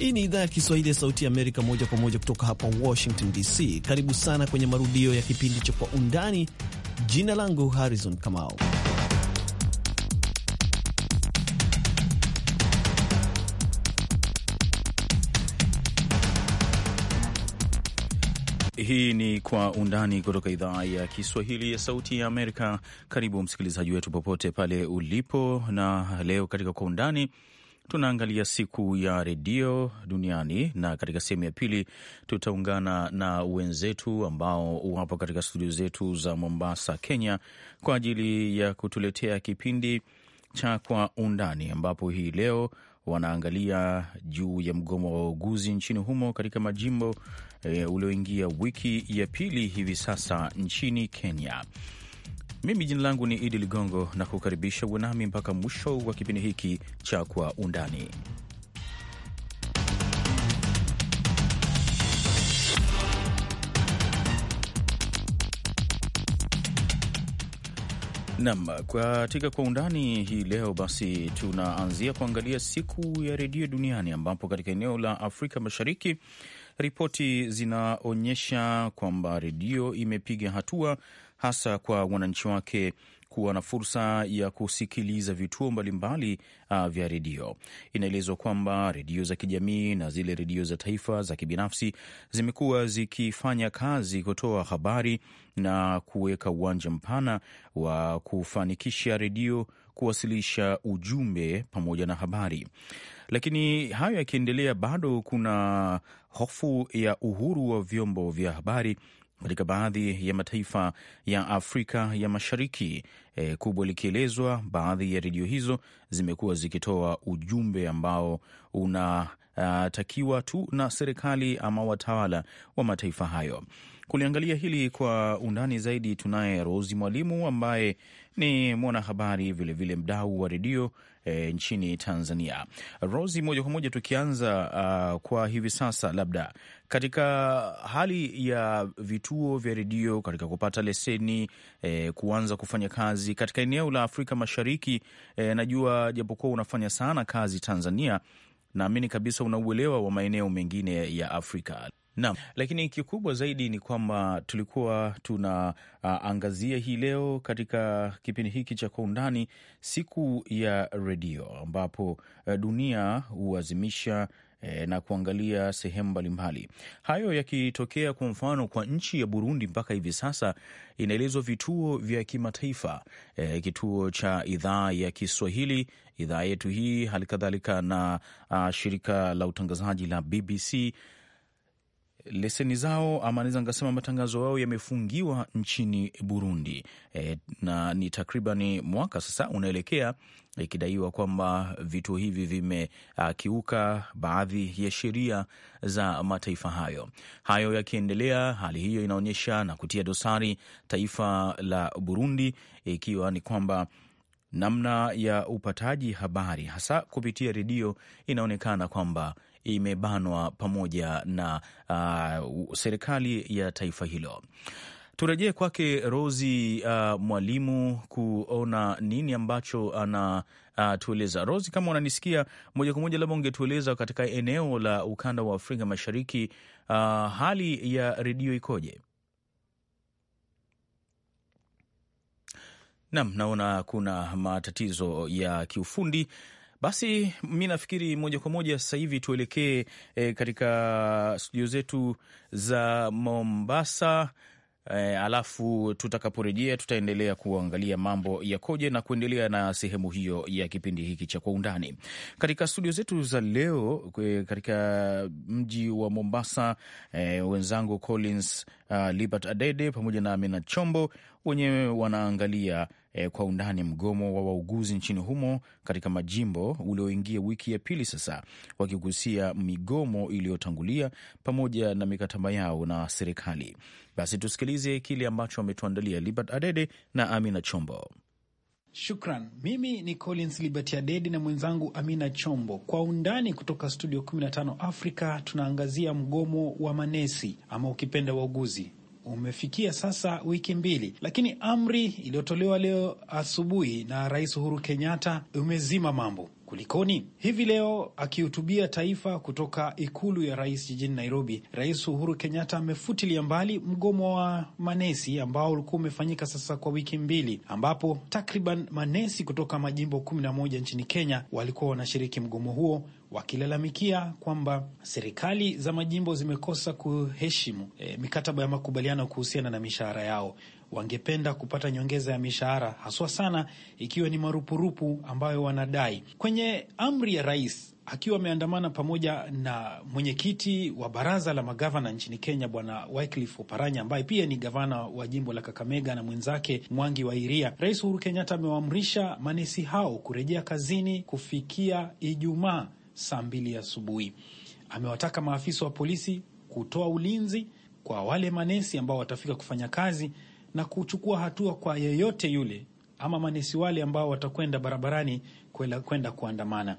Hii ni idhaa ya Kiswahili ya Sauti ya Amerika, moja kwa moja kutoka hapa Washington DC. Karibu sana kwenye marudio ya kipindi cha Kwa Undani. Jina langu Harrison Kamau. Hii ni Kwa Undani kutoka idhaa ya Kiswahili ya Sauti ya Amerika. Karibu msikilizaji wetu popote pale ulipo, na leo katika Kwa Undani tunaangalia siku ya redio duniani, na katika sehemu ya pili tutaungana na wenzetu ambao wapo katika studio zetu za Mombasa, Kenya, kwa ajili ya kutuletea kipindi cha Kwa Undani, ambapo hii leo wanaangalia juu ya mgomo wa wauguzi nchini humo katika majimbo e, ulioingia wiki ya pili hivi sasa nchini Kenya. Mimi jina langu ni Idi Ligongo na kukaribisha uwanami mpaka mwisho wa kipindi hiki cha Kwa Undani. Nam, katika kwa undani hii leo basi, tunaanzia kuangalia siku ya redio duniani, ambapo katika eneo la Afrika Mashariki ripoti zinaonyesha kwamba redio imepiga hatua hasa kwa wananchi wake kuwa na fursa ya kusikiliza vituo mbalimbali uh, vya redio. Inaelezwa kwamba redio za kijamii na zile redio za taifa za kibinafsi zimekuwa zikifanya kazi kutoa habari na kuweka uwanja mpana wa kufanikisha redio kuwasilisha ujumbe pamoja na habari. Lakini hayo yakiendelea, bado kuna hofu ya uhuru wa vyombo vya habari katika baadhi ya mataifa ya Afrika ya Mashariki e, kubwa likielezwa. Baadhi ya redio hizo zimekuwa zikitoa ujumbe ambao unatakiwa tu na serikali ama watawala wa mataifa hayo. Kuliangalia hili kwa undani zaidi, tunaye Rosi Mwalimu ambaye ni mwanahabari vilevile mdau wa redio e, nchini Tanzania. Rosi, moja kwa moja tukianza uh, kwa hivi sasa, labda katika hali ya vituo vya redio katika kupata leseni e, kuanza kufanya kazi katika eneo la Afrika Mashariki e, najua japokuwa unafanya sana kazi Tanzania, naamini kabisa una uelewa wa maeneo mengine ya Afrika. Naam, lakini kikubwa zaidi ni kwamba tulikuwa tunaangazia ah, hii leo katika kipindi hiki cha Kwa Undani siku ya redio ambapo eh, dunia huazimisha e, na kuangalia sehemu mbalimbali. Hayo yakitokea kwa mfano kwa nchi ya Burundi, mpaka hivi sasa inaelezwa vituo vya kimataifa e, kituo cha idhaa ya Kiswahili idhaa yetu hii, hali kadhalika na a, shirika la utangazaji la BBC leseni zao ama naweza nikasema matangazo yao yamefungiwa nchini Burundi e, na ni takribani mwaka sasa unaelekea ikidaiwa kwamba vituo hivi vimekiuka baadhi ya sheria za mataifa hayo. Hayo yakiendelea, hali hiyo inaonyesha na kutia dosari taifa la Burundi, ikiwa ni kwamba namna ya upataji habari hasa kupitia redio inaonekana kwamba imebanwa pamoja na uh, serikali ya taifa hilo. Turejee kwake Rosi uh, mwalimu kuona nini ambacho anatueleza. Uh, Rosi, kama unanisikia moja kwa moja, labda ungetueleza katika eneo la ukanda wa Afrika Mashariki, uh, hali ya redio ikoje? Nam, naona kuna matatizo ya kiufundi. Basi mi nafikiri moja kwa moja sasa hivi tuelekee eh, katika studio zetu za Mombasa eh, alafu tutakaporejea tutaendelea kuangalia mambo yakoje na kuendelea na sehemu hiyo ya kipindi hiki cha kwa undani katika studio zetu za leo katika mji wa Mombasa. Eh, wenzangu Collins uh, Libert Adede pamoja na Amina Chombo wenyewe wanaangalia e, kwa undani mgomo wa wauguzi nchini humo katika majimbo ulioingia wiki ya pili sasa, wakigusia migomo iliyotangulia pamoja na mikataba yao na serikali. Basi tusikilize kile ambacho wametuandalia Libert Adede na Amina Chombo. Shukran. Mimi ni Collins Liberty Adedi na mwenzangu Amina Chombo. Kwa undani kutoka studio 15 Afrika tunaangazia mgomo wa manesi ama ukipenda wauguzi umefikia sasa wiki mbili, lakini amri iliyotolewa leo asubuhi na Rais Uhuru Kenyatta umezima mambo. Kulikoni? Hivi leo akihutubia taifa kutoka ikulu ya rais jijini Nairobi, Rais Uhuru Kenyatta amefutilia mbali mgomo wa manesi ambao ulikuwa umefanyika sasa kwa wiki mbili, ambapo takriban manesi kutoka majimbo kumi na moja nchini Kenya walikuwa wanashiriki mgomo huo wakilalamikia kwamba serikali za majimbo zimekosa kuheshimu e, mikataba ya makubaliano kuhusiana na mishahara yao. Wangependa kupata nyongeza ya mishahara haswa sana ikiwa ni marupurupu ambayo wanadai. Kwenye amri ya rais akiwa ameandamana pamoja na mwenyekiti wa baraza la magavana nchini Kenya, Bwana Wycliffe Oparanya, ambaye pia ni gavana wa jimbo la Kakamega na mwenzake Mwangi wa Iria. Rais Uhuru Kenyatta amewaamrisha manesi hao kurejea kazini kufikia Ijumaa saa mbili asubuhi. Amewataka maafisa wa polisi kutoa ulinzi kwa wale manesi ambao watafika kufanya kazi na kuchukua hatua kwa yeyote yule ama manesi wale ambao watakwenda barabarani kwenda kuandamana.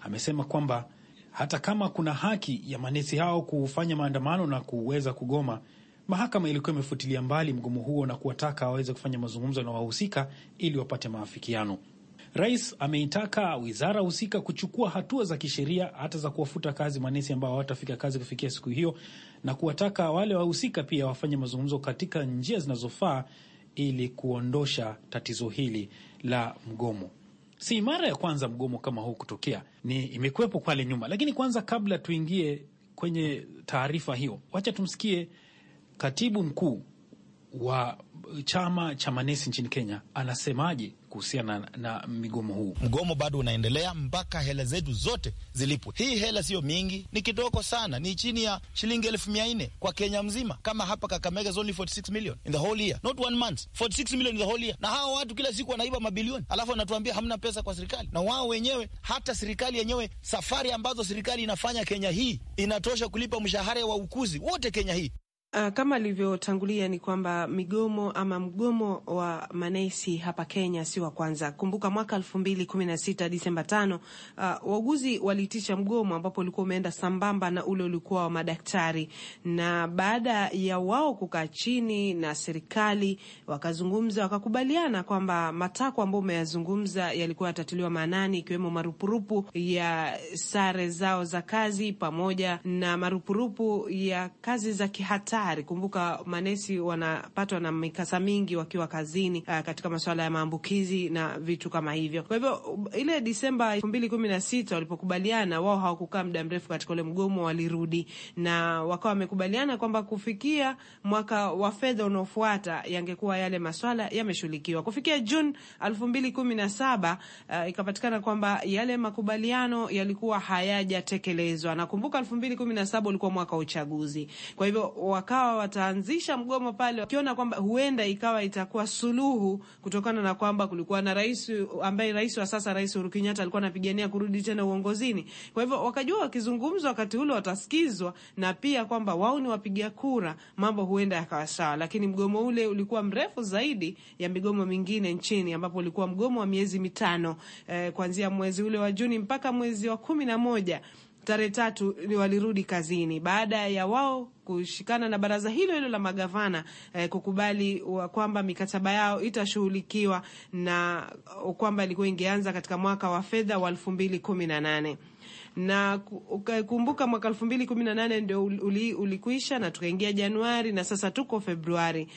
Amesema kwamba hata kama kuna haki ya manesi hao kufanya maandamano na kuweza kugoma, mahakama ilikuwa imefutilia mbali mgomo huo na kuwataka waweze kufanya mazungumzo na wahusika ili wapate maafikiano. Rais ameitaka wizara husika kuchukua hatua za kisheria hata za kuwafuta kazi manesi ambao hawatafika kazi kufikia siku hiyo, na kuwataka wale wahusika pia wafanye mazungumzo katika njia zinazofaa ili kuondosha tatizo hili la mgomo. Si mara ya kwanza mgomo kama huu kutokea, ni imekuwepo pale nyuma. Lakini kwanza, kabla tuingie kwenye taarifa hiyo, wacha tumsikie katibu mkuu wa chama cha manesi nchini Kenya anasemaje kuhusiana na, na migomo huu? Mgomo bado unaendelea mpaka hela zetu zote zilipwe. Hii hela siyo mingi, ni kidogo sana, ni chini ya shilingi elfu mia nne kwa Kenya mzima. Kama hapa Kakamega is only 46 million in the whole year, not one month, 46 million in the whole year. Na hawa watu kila siku wanaiba mabilioni, alafu wanatuambia hamna pesa kwa serikali, na wao wenyewe, hata serikali yenyewe, safari ambazo serikali inafanya Kenya hii inatosha kulipa mshahara wa ukuzi wote Kenya hii. Uh, kama alivyotangulia ni kwamba migomo ama mgomo wa manesi hapa Kenya si wa kwanza. Kumbuka mwaka elfu mbili kumi na sita Disemba tano, uh, wauguzi waliitisha mgomo ambapo ulikuwa umeenda sambamba na ule ulikuwa wa madaktari, na baada ya wao kukaa chini na serikali wakazungumza, wakakubaliana kwamba matakwa ambayo umeyazungumza yalikuwa yatatuliwa maanani, ikiwemo marupurupu ya sare zao za kazi pamoja na marupurupu ya kazi za kihatari hatari. Kumbuka manesi wanapatwa na mikasa mingi wakiwa kazini, uh, katika masuala ya maambukizi na vitu kama hivyo. Kwa hivyo ile Disemba elfu mbili kumi na sita walipokubaliana, wao hawakukaa muda mrefu katika ule mgomo, walirudi na wakawa wamekubaliana kwamba kufikia mwaka wa fedha unaofuata yangekuwa yale maswala yameshughulikiwa. Kufikia Juni elfu mbili kumi na saba uh, ikapatikana kwamba yale makubaliano yalikuwa hayajatekelezwa. Nakumbuka elfu mbili kumi na saba ulikuwa mwaka wa uchaguzi, kwa hivyo waka wakawa wataanzisha mgomo pale wakiona kwamba huenda ikawa itakuwa suluhu, kutokana na kwamba kulikuwa na rais ambaye rais wa sasa, Rais Uhuru Kenyatta alikuwa anapigania kurudi tena uongozini. Kwa hivyo wakajua wakizungumzwa wakati ule watasikizwa, na pia kwamba wao ni wapiga kura, mambo huenda yakawa sawa. Lakini mgomo ule ulikuwa mrefu zaidi ya migomo mingine nchini, ambapo ulikuwa mgomo wa miezi mitano eh, kuanzia mwezi ule wa Juni mpaka mwezi wa kumi na moja tarehe tatu walirudi kazini baada ya wao kushikana na baraza hilo hilo la magavana eh, kukubali kwamba mikataba yao itashughulikiwa na uh, kwamba ilikuwa ingeanza katika mwaka wa fedha wa elfu mbili kumi na nane na kumbuka mwaka elfu mbili kumi na nane ndio ulikuisha na tukaingia Januari na sasa tuko Februari.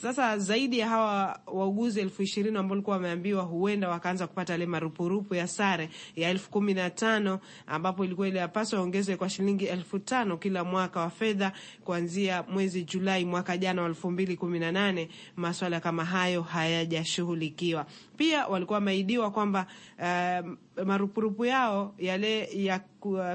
Sasa zaidi ya hawa wauguzi elfu ishirini ambao walikuwa wameambiwa huenda wakaanza kupata ile marupurupu ya sare ya elfu kumi na tano ambapo ilikuwa ile yapaswa waongezwe kwa shilingi elfu tano kila mwaka wa fedha kuanzia mwezi Julai mwaka jana wa elfu mbili kumi na nane. Maswala kama hayo hayajashughulikiwa. Pia walikuwa wameahidiwa kwamba uh, marupurupu yao yale ya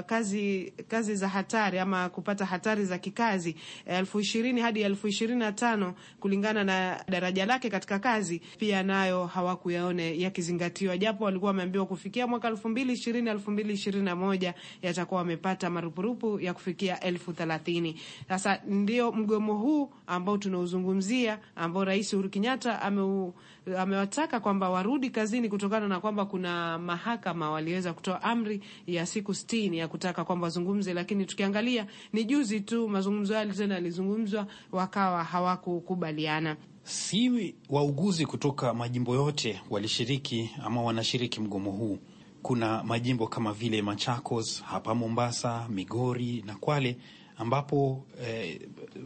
kazi, kazi za hatari ama kupata hatari za kikazi elfu ishirini hadi elfu ishirini na tano kulingana na daraja lake katika kazi, pia nayo hawakuyaone yakizingatiwa, japo walikuwa wameambiwa kufikia mwaka elfu mbili ishirini elfu mbili ishirini na moja yatakuwa wamepata marupurupu ya kufikia elfu thelathini. Sasa ndio mgomo huu ambao tunauzungumzia, ambao Rais Uhuru Kenyatta ame amewataka kwamba warudi kazini kutokana na kwamba kuna mahakama waliweza kutoa amri ya siku sitini ya kutaka kwamba wazungumze, lakini tukiangalia ni juzi tu mazungumzo yale tena yalizungumzwa, wakawa hawakukubali kukubaliana. Si wauguzi kutoka majimbo yote walishiriki ama wanashiriki mgomo huu. Kuna majimbo kama vile Machakos, hapa Mombasa, Migori na Kwale ambapo eh,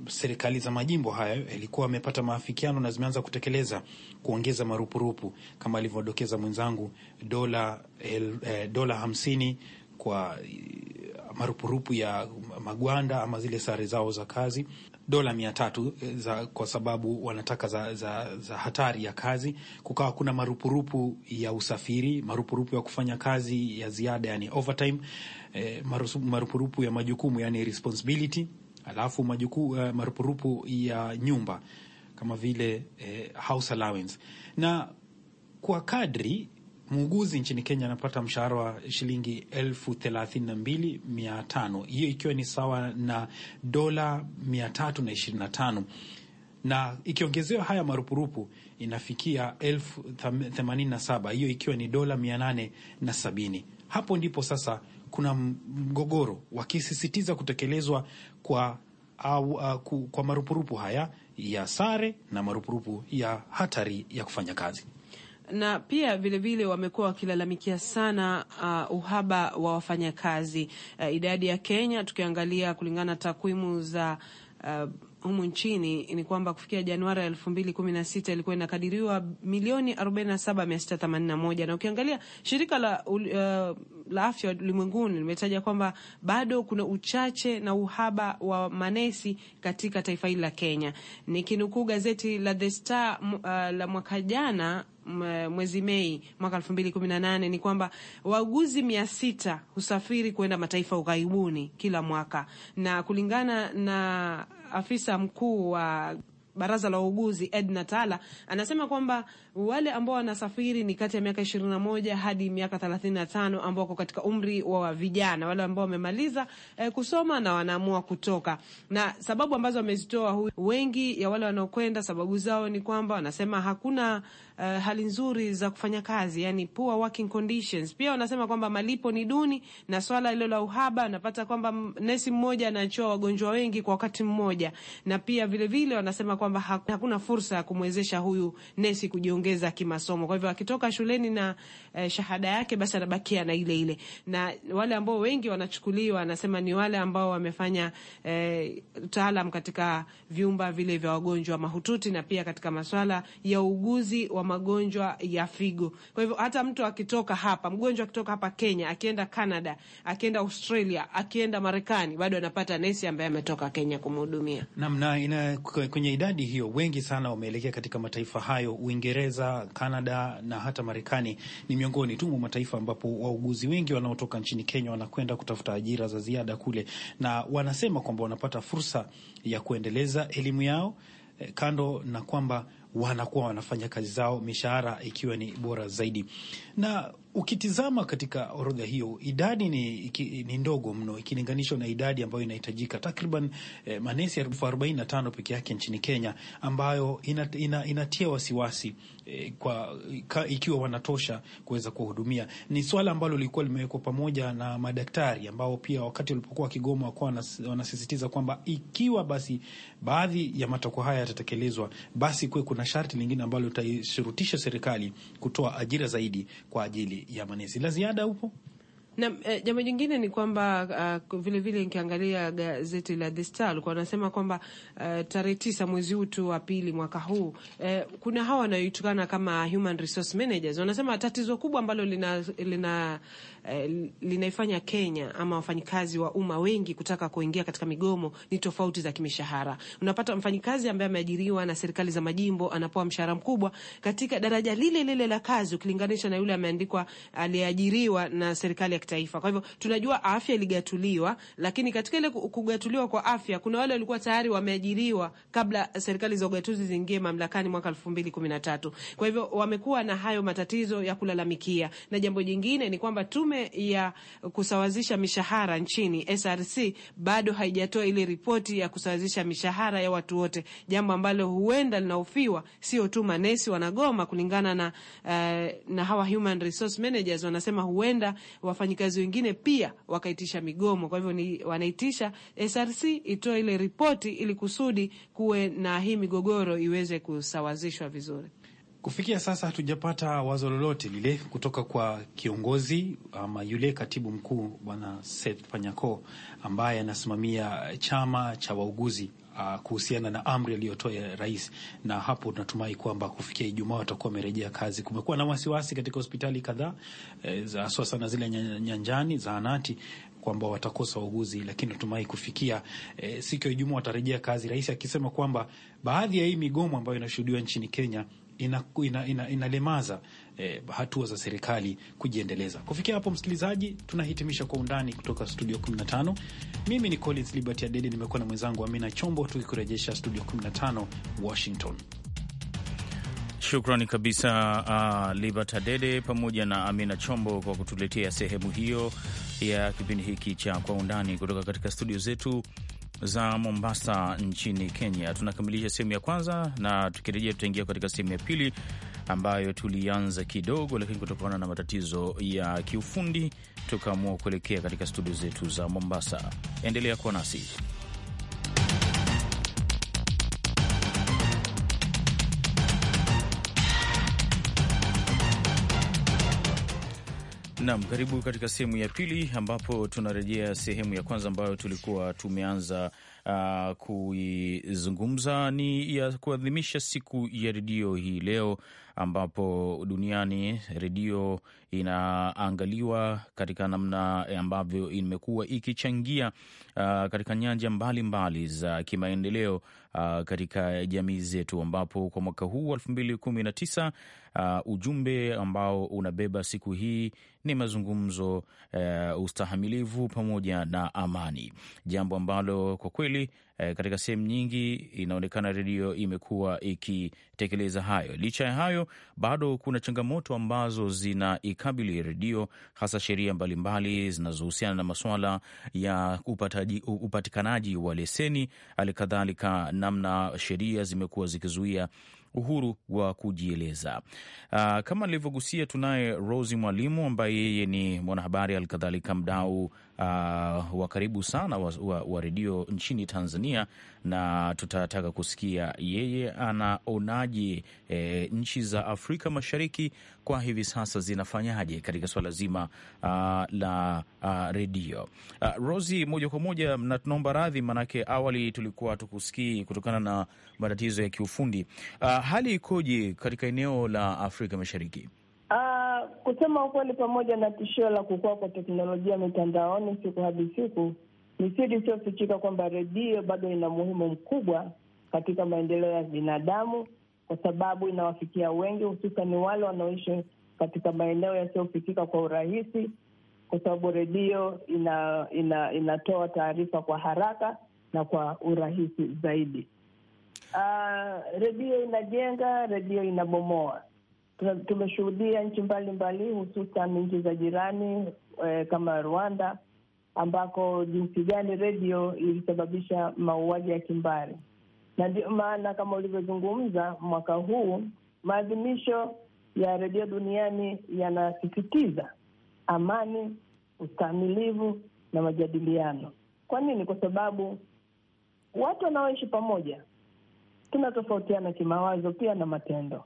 serikali za majimbo hayo yalikuwa eh, amepata maafikiano na zimeanza kutekeleza kuongeza marupurupu kama alivyodokeza mwenzangu, dola eh, dola hamsini kwa eh, marupurupu ya magwanda ama zile sare zao za kazi dola mia tatu eh, za, kwa sababu wanataka za, za, za hatari ya kazi. Kukawa kuna marupurupu ya usafiri, marupurupu ya kufanya kazi ya ziada, yani overtime, eh, marupurupu ya majukumu, yani responsibility, alafu majuku, eh, marupurupu ya nyumba kama vile eh, house allowance na kwa kadri Muuguzi nchini Kenya anapata mshahara wa shilingi elfu thelathini na mbili mia tano hiyo ikiwa ni sawa na dola mia tatu na ishirini na tano na ikiongezewa haya marupurupu inafikia elfu themanini na saba hiyo ikiwa ni dola mia nane na sabini Hapo ndipo sasa kuna mgogoro, wakisisitiza kutekelezwa kwa au, uh, kwa marupurupu haya ya sare na marupurupu ya hatari ya kufanya kazi na pia vilevile wamekuwa wakilalamikia sana uh, uhaba wa wafanyakazi uh, idadi ya Kenya tukiangalia kulingana takwimu za uh, humu nchini ni kwamba kufikia Januari elfu mbili kumi na sita ilikuwa inakadiriwa milioni arobaini na saba mia sita themanini na moja na ukiangalia shirika la, uh, la afya ulimwenguni limetaja kwamba bado kuna uchache na uhaba wa manesi katika taifa hili la Kenya. Nikinukuu gazeti la The Star uh, la mwaka jana mwezi Mei mwaka 2018 ni kwamba wauguzi mia sita husafiri kwenda mataifa ughaibuni kila mwaka, na kulingana na afisa mkuu wa baraza la wauguzi Edna Tala anasema kwamba wale ambao wanasafiri ni kati ya miaka ishirini na moja hadi miaka thelathini na tano ambao wako katika umri wa vijana, wale ambao wamemaliza eh, kusoma na wanaamua kutoka. Na sababu ambazo wamezitoa huyu, wengi ya wale wanaokwenda, sababu zao ni kwamba wanasema hakuna eh, hali nzuri za kufanya kazi, yani poor working conditions. Pia wanasema kwamba malipo ni duni na swala hilo la uhaba, napata kwamba nesi mmoja anachoa wagonjwa wengi kwa wakati mmoja, na pia vilevile vile wanasema kwamba hakuna fursa ya kumwezesha huyu nesi kujiongeza kuongeza kimasomo. Kwa hivyo akitoka shuleni na eh, shahada yake basi anabakia na ile ile. Na wale ambao wengi wanachukuliwa anasema ni wale ambao wamefanya eh, taalam katika vyumba vile vya wagonjwa mahututi na pia katika masuala ya uuguzi wa magonjwa ya figo. Kwa hivyo hata mtu akitoka hapa, mgonjwa akitoka hapa Kenya, akienda Canada, akienda Australia, akienda Marekani, bado anapata nesi ambaye ametoka Kenya kumhudumia. Namna ina kwenye idadi hiyo wengi sana wameelekea katika mataifa hayo Uingereza Uingereza, Canada na hata Marekani ni miongoni tu mwa mataifa ambapo wauguzi wengi wanaotoka nchini Kenya wanakwenda kutafuta ajira za ziada kule, na wanasema kwamba wanapata fursa ya kuendeleza elimu yao eh, kando na kwamba wanakuwa wanafanya kazi zao, mishahara ikiwa ni bora zaidi. Na Ukitizama katika orodha hiyo idadi ni, iki, ni ndogo mno ikilinganishwa na idadi ambayo inahitajika takriban eh, manesi elfu arobaini na tano peke yake nchini Kenya, ambayo inat, ina, inatia wasiwasi eh, kwa, ka, ikiwa wanatosha kuweza kuwahudumia. Ni swala ambalo lilikuwa limewekwa pamoja na madaktari ambao pia wakati walipokuwa wakigoma wakuwa wanasisitiza kwamba ikiwa basi baadhi ya matakwa haya yatatekelezwa, basi kuwe kuna sharti lingine ambalo litashurutisha serikali kutoa ajira zaidi kwa ajili ya manesi. La ziada upo na e, jambo jingine ni kwamba uh, vile vile nikiangalia gazeti la The Star walikuwa wanasema kwamba uh, tarehe tisa mwezi huu tu wa pili mwaka huu uh, kuna hawa wanaoitukana kama human resource managers wanasema tatizo kubwa ambalo lina, lina Eh, linaifanya Kenya ama wafanyikazi wa umma wengi kutaka kuingia katika migomo ni tofauti za kimishahara. Unapata mfanyikazi ambaye ameajiriwa na serikali za majimbo anapewa mshahara mkubwa katika daraja lile lile la kazi ukilinganisha na yule ameandikwa aliyeajiriwa na serikali ya kitaifa. Kwa hivyo tunajua afya iligatuliwa, lakini katika ile kugatuliwa kwa afya kuna wale walikuwa tayari wameajiriwa kabla serikali za ugatuzi ziingie mamlakani mwaka 2013. Kwa hivyo wamekuwa na hayo matatizo ya kulalamikia. Na jambo jingine ni kwamba tume tume ya kusawazisha mishahara nchini SRC bado haijatoa ile ripoti ya kusawazisha mishahara ya watu wote, jambo ambalo huenda linaofiwa, sio tu manesi wanagoma, kulingana na uh, na hawa human resource managers wanasema huenda wafanyikazi wengine pia wakaitisha migomo. Kwa hivyo ni wanaitisha SRC itoe ile ripoti ili kusudi kuwe na hii migogoro iweze kusawazishwa vizuri. Kufikia sasa hatujapata wazo lolote lile kutoka kwa kiongozi ama yule katibu mkuu Bwana Seth Panyako ambaye anasimamia chama cha wauguzi uh, kuhusiana na amri aliyotoa rais, na hapo tunatumai kwamba kufikia Ijumaa watakuwa wamerejea kazi. Kumekuwa na wasiwasi katika hospitali kadhaa e, za haswa sana zile nyanjani zahanati kwamba watakosa wauguzi, lakini natumai kufikia e, siku ya Ijumaa watarejea kazi, rais akisema kwamba baadhi ya hii migomo ambayo inashuhudiwa nchini Kenya inalemaza ina, ina, ina eh, hatua za serikali kujiendeleza. Kufikia hapo, msikilizaji, tunahitimisha kwa undani kutoka studio 15. Mimi ni Collins Liberty Adede, nimekuwa na mwenzangu Amina Chombo, tukikurejesha studio 15 Washington. Shukrani kabisa uh, Libert Adede pamoja na Amina Chombo kwa kutuletea sehemu hiyo ya kipindi hiki cha Kwa Undani kutoka katika studio zetu za Mombasa nchini Kenya. Tunakamilisha sehemu ya kwanza, na tukirejea tutaingia katika sehemu ya pili ambayo tulianza kidogo, lakini kutokana na matatizo ya kiufundi tukaamua kuelekea katika studio zetu za Mombasa. Endelea kuwa nasi. Nam, karibu katika sehemu ya pili ambapo tunarejea sehemu ya kwanza ambayo tulikuwa tumeanza uh, kuizungumza ni ya kuadhimisha siku ya redio hii leo, ambapo duniani redio inaangaliwa katika namna ambavyo imekuwa ikichangia uh, katika nyanja mbalimbali za kimaendeleo uh, katika jamii zetu, ambapo kwa mwaka huu elfu mbili kumi na tisa Uh, ujumbe ambao unabeba siku hii ni mazungumzo, uh, ustahamilivu pamoja na amani, jambo ambalo kwa kweli uh, katika sehemu nyingi inaonekana redio imekuwa ikitekeleza hayo. Licha ya hayo, bado kuna changamoto ambazo zinaikabili redio, hasa sheria mbalimbali zinazohusiana na masuala ya upataji, upatikanaji wa leseni, hali kadhalika namna sheria zimekuwa zikizuia uhuru wa kujieleza. Uh, kama nilivyogusia, tunaye Rosi Mwalimu ambaye yeye ni mwanahabari, alkadhalika mdau uh, wa karibu sana wa, wa, wa redio nchini Tanzania, na tutataka kusikia yeye anaonaje eh, nchi za Afrika Mashariki kwa hivi sasa zinafanyaje katika swala zima uh, la uh, redio uh, Rosi, moja kwa moja na tunaomba radhi, maanake awali tulikuwa tukusikii kutokana na matatizo ya kiufundi uh, hali ikoje katika eneo la Afrika Mashariki? uh kusema ukweli, pamoja na tishio la kukua kwa teknolojia mitandaoni siku hadi siku, ni siri isiyofichika kwamba redio bado ina muhimu mkubwa katika maendeleo ya binadamu, kwa sababu inawafikia wengi, hususan wale wanaoishi katika maeneo yasiyofikika kwa urahisi, kwa sababu redio ina, ina, inatoa taarifa kwa haraka na kwa urahisi zaidi. Uh, redio inajenga, redio inabomoa tumeshuhudia nchi mbalimbali hususan nchi za jirani eh, kama Rwanda ambako jinsi gani redio ilisababisha mauaji ya kimbari, na ndio maana kama ulivyozungumza, mwaka huu maadhimisho ya redio duniani yanasisitiza amani, ustahimilivu na majadiliano. Kwa nini? Kwa sababu watu wanaoishi pamoja tunatofautiana kimawazo pia na matendo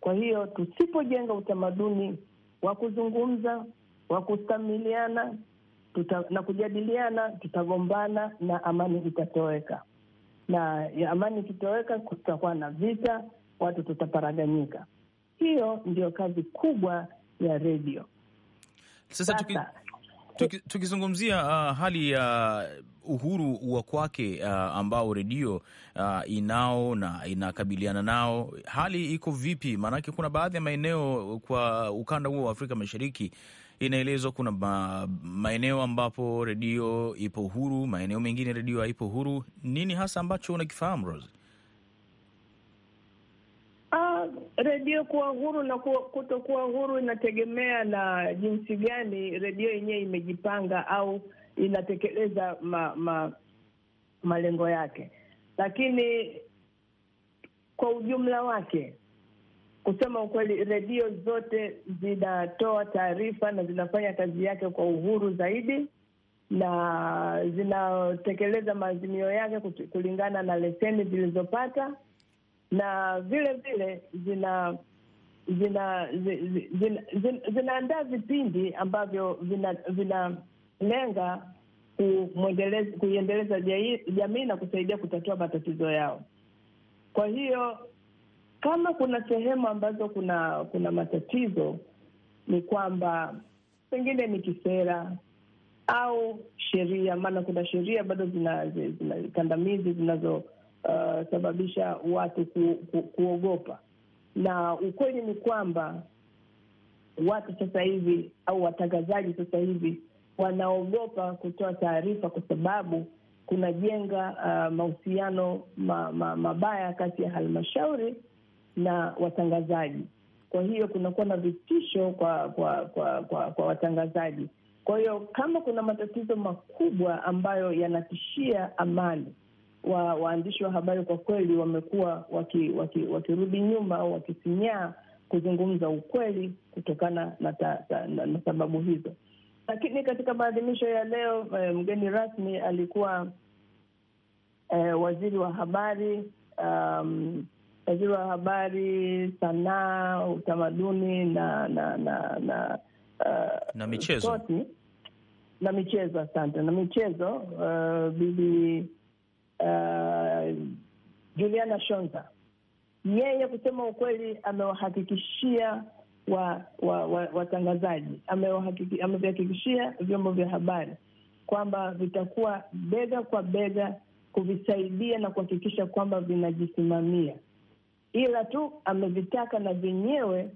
kwa hiyo tusipojenga utamaduni wa kuzungumza, wa kustamiliana tuta, na kujadiliana, tutagombana na amani itatoweka, na amani ikitoweka, kutakuwa na vita, watu tutaparaganyika. Hiyo ndiyo kazi kubwa ya redio. Sasa tukizungumzia tuki, tuki uh, ah, hali ya uh uhuru wa kwake uh, ambao redio uh, inao na inakabiliana nao, hali iko vipi? Maanake kuna baadhi ya maeneo kwa ukanda huo wa Afrika Mashariki inaelezwa kuna ma, maeneo ambapo redio ipo huru, maeneo mengine redio haipo huru. Nini hasa ambacho unakifahamu Rose? Uh, redio kuwa huru na kutokuwa huru inategemea na jinsi gani redio yenyewe imejipanga au inatekeleza ma, ma, malengo yake, lakini kwa ujumla wake, kusema ukweli, redio zote zinatoa taarifa na zinafanya kazi yake kwa uhuru zaidi na zinatekeleza maazimio yake kulingana na leseni zilizopata na vile vile zina zina zinaandaa zina, zina, zina vipindi ambavyo vina, vina lenga kuiendeleza jamii na kusaidia kutatua matatizo yao. Kwa hiyo kama kuna sehemu ambazo kuna kuna matatizo, ni kwamba pengine ni kisera au sheria, maana kuna sheria bado zina, zina kandamizi zinazosababisha uh, watu ku, ku, kuogopa. Na ukweli ni kwamba watu sasa hivi au watangazaji sasa hivi wanaogopa kutoa taarifa kwa sababu kunajenga uh, mahusiano ma, ma, mabaya kati ya halmashauri na watangazaji. Kwa hiyo kunakuwa na vitisho kwa kwa kwa, kwa, kwa watangazaji. Kwa hiyo kama kuna matatizo makubwa ambayo yanatishia amani, wa waandishi wa habari kwa kweli wamekuwa wakirudi waki, waki nyuma au wakisinyaa kuzungumza ukweli kutokana na, ta, ta, na, na sababu hizo. Lakini katika maadhimisho ya leo eh, mgeni rasmi alikuwa eh, waziri wa habari um, waziri wa habari, sanaa, utamaduni na na na na, uh, na michezo sporti, na michezo. Asante na michezo uh, bibi uh, Juliana Shonza, yeye kusema ukweli amewahakikishia wa watangazaji wa, wa amevihakikishia vyombo vya habari kwamba vitakuwa bega kwa bega kuvisaidia na kuhakikisha kwamba vinajisimamia, ila tu amevitaka na vyenyewe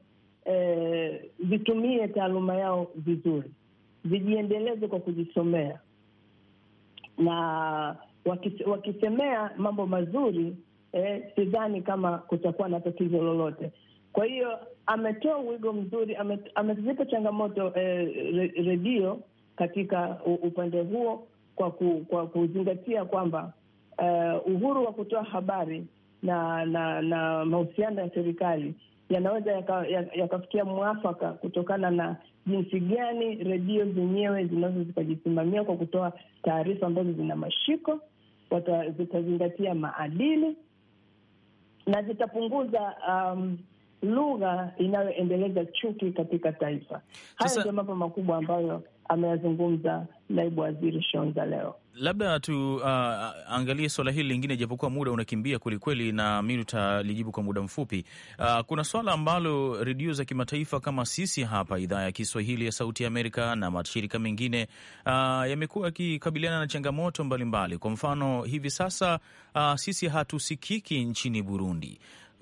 e, vitumie taaluma yao vizuri, vijiendeleze kwa kujisomea na wakisemea mambo mazuri eh, sidhani kama kutakuwa na tatizo lolote. Kwa hiyo ametoa wigo mzuri, amezipa changamoto eh, redio katika upande huo kwa, ku, kwa kuzingatia kwamba eh, uhuru wa kutoa habari na na, na mahusiano ya serikali yanaweza yakafikia yaka mwafaka kutokana na jinsi gani redio zenyewe zinazo zikajisimamia kwa kutoa taarifa ambazo zina mashiko, zitazingatia maadili na zitapunguza um, lugha inayoendeleza chuki katika taifa. Haya ndio mambo makubwa ambayo ameyazungumza naibu waziri Shonza leo. Labda tuangalie uh, swala hili lingine, japokuwa muda unakimbia kwelikweli, na mi tutalijibu kwa muda mfupi. Uh, kuna swala ambalo redio za kimataifa kama sisi hapa idhaa ya Kiswahili ya Sauti ya Amerika na mashirika mengine uh, yamekuwa yakikabiliana na changamoto mbalimbali mbali. Kwa mfano hivi sasa uh, sisi hatusikiki nchini Burundi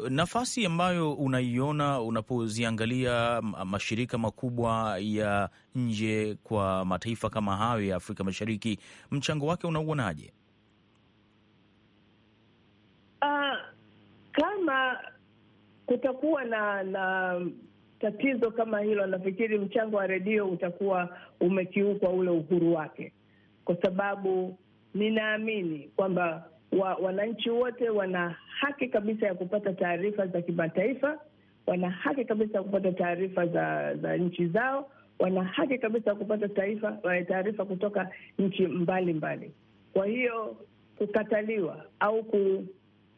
nafasi ambayo unaiona unapoziangalia mashirika makubwa ya nje kwa mataifa kama hayo ya Afrika Mashariki, mchango wake unauonaje? Uh, kama kutakuwa na na tatizo kama hilo, nafikiri mchango wa redio utakuwa umekiukwa ule uhuru wake, kwa sababu ninaamini kwamba wa, wananchi wote wana haki kabisa ya kupata taarifa za kimataifa, wana haki kabisa ya kupata taarifa za, za nchi zao, wana haki kabisa ya kupata eh, taarifa kutoka nchi mbalimbali mbali. Kwa hiyo kukataliwa au ku,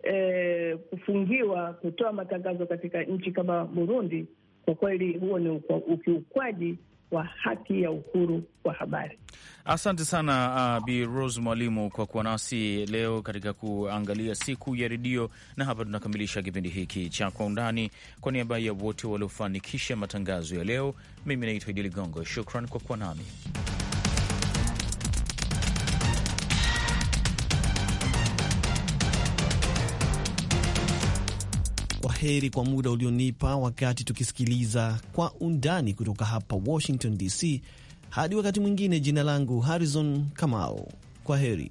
eh, kufungiwa kutoa matangazo katika nchi kama Burundi, kwa kweli huo ni ukiukwaji wa haki ya uhuru wa habari. Asante sana uh, Bi Rose Mwalimu kwa kuwa nasi leo katika kuangalia siku ya redio, na hapa tunakamilisha kipindi hiki cha Kwa Undani. Kwa niaba ya wote waliofanikisha matangazo ya leo, mimi naitwa Idi Ligongo. Shukran kwa kuwa nami. heri kwa muda ulionipa wakati tukisikiliza Kwa Undani kutoka hapa Washington DC. Hadi wakati mwingine, jina langu Harrison Kamau. Kwa heri.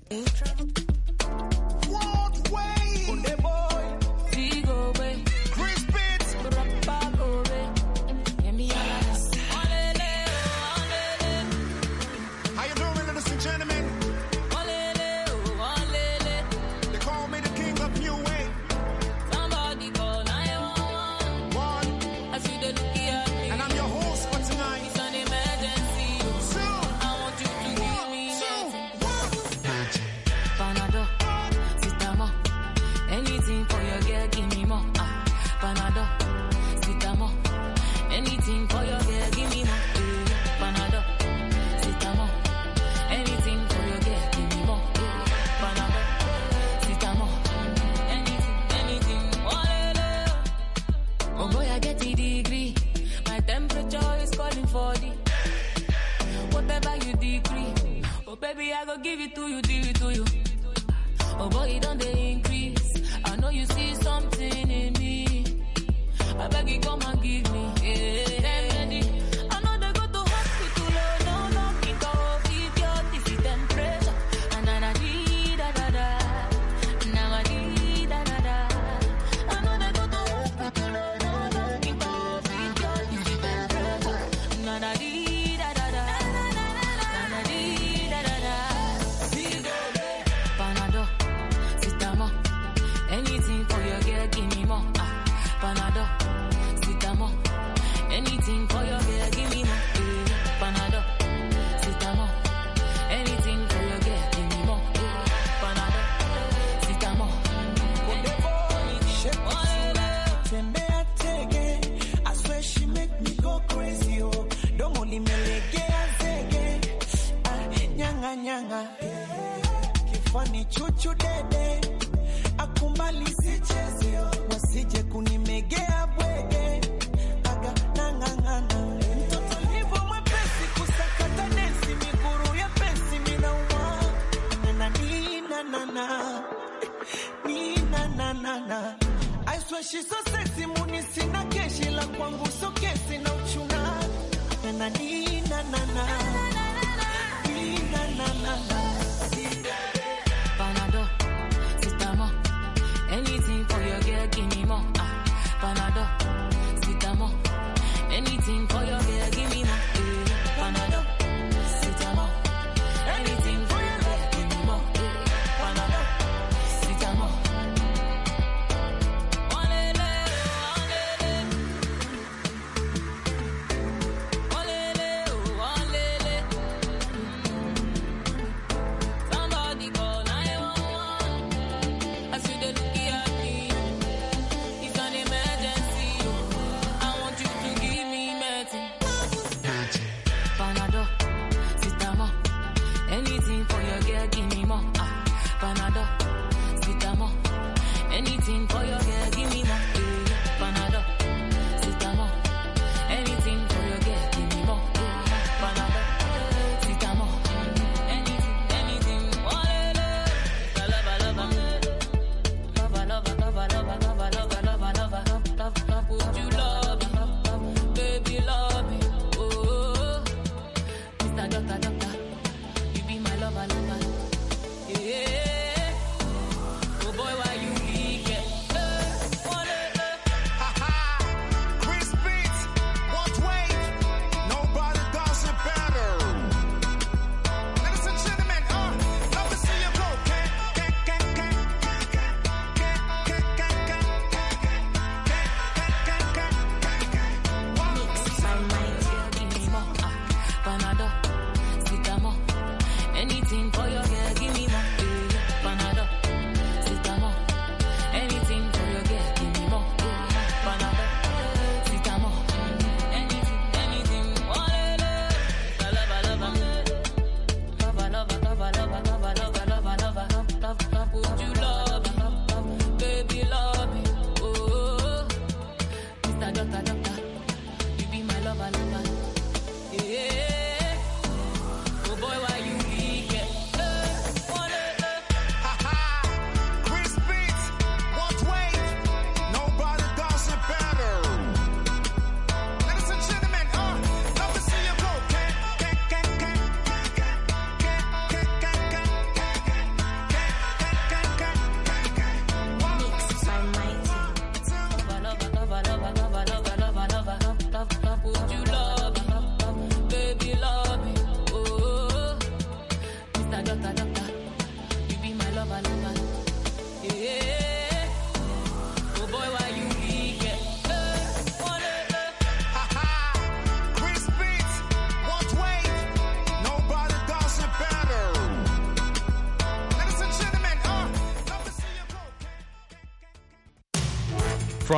you. Oh boy, don't they increase. I know you see something in me. I beg you come and give me. Yeah. nyanga kifani chuchu dede akumali sichezio wasije kunimegea bwege aga nang'ang'ana mtoto livo mwepesi kusakata nesi miguru ya pesi minauma nana ninanana ninananana aisweshiso sesi muni sina keshi la kwangu sokesi na uchuna nana ninanana Panadol, sister more. Anything for your girl, give me more. Ah, Panadol.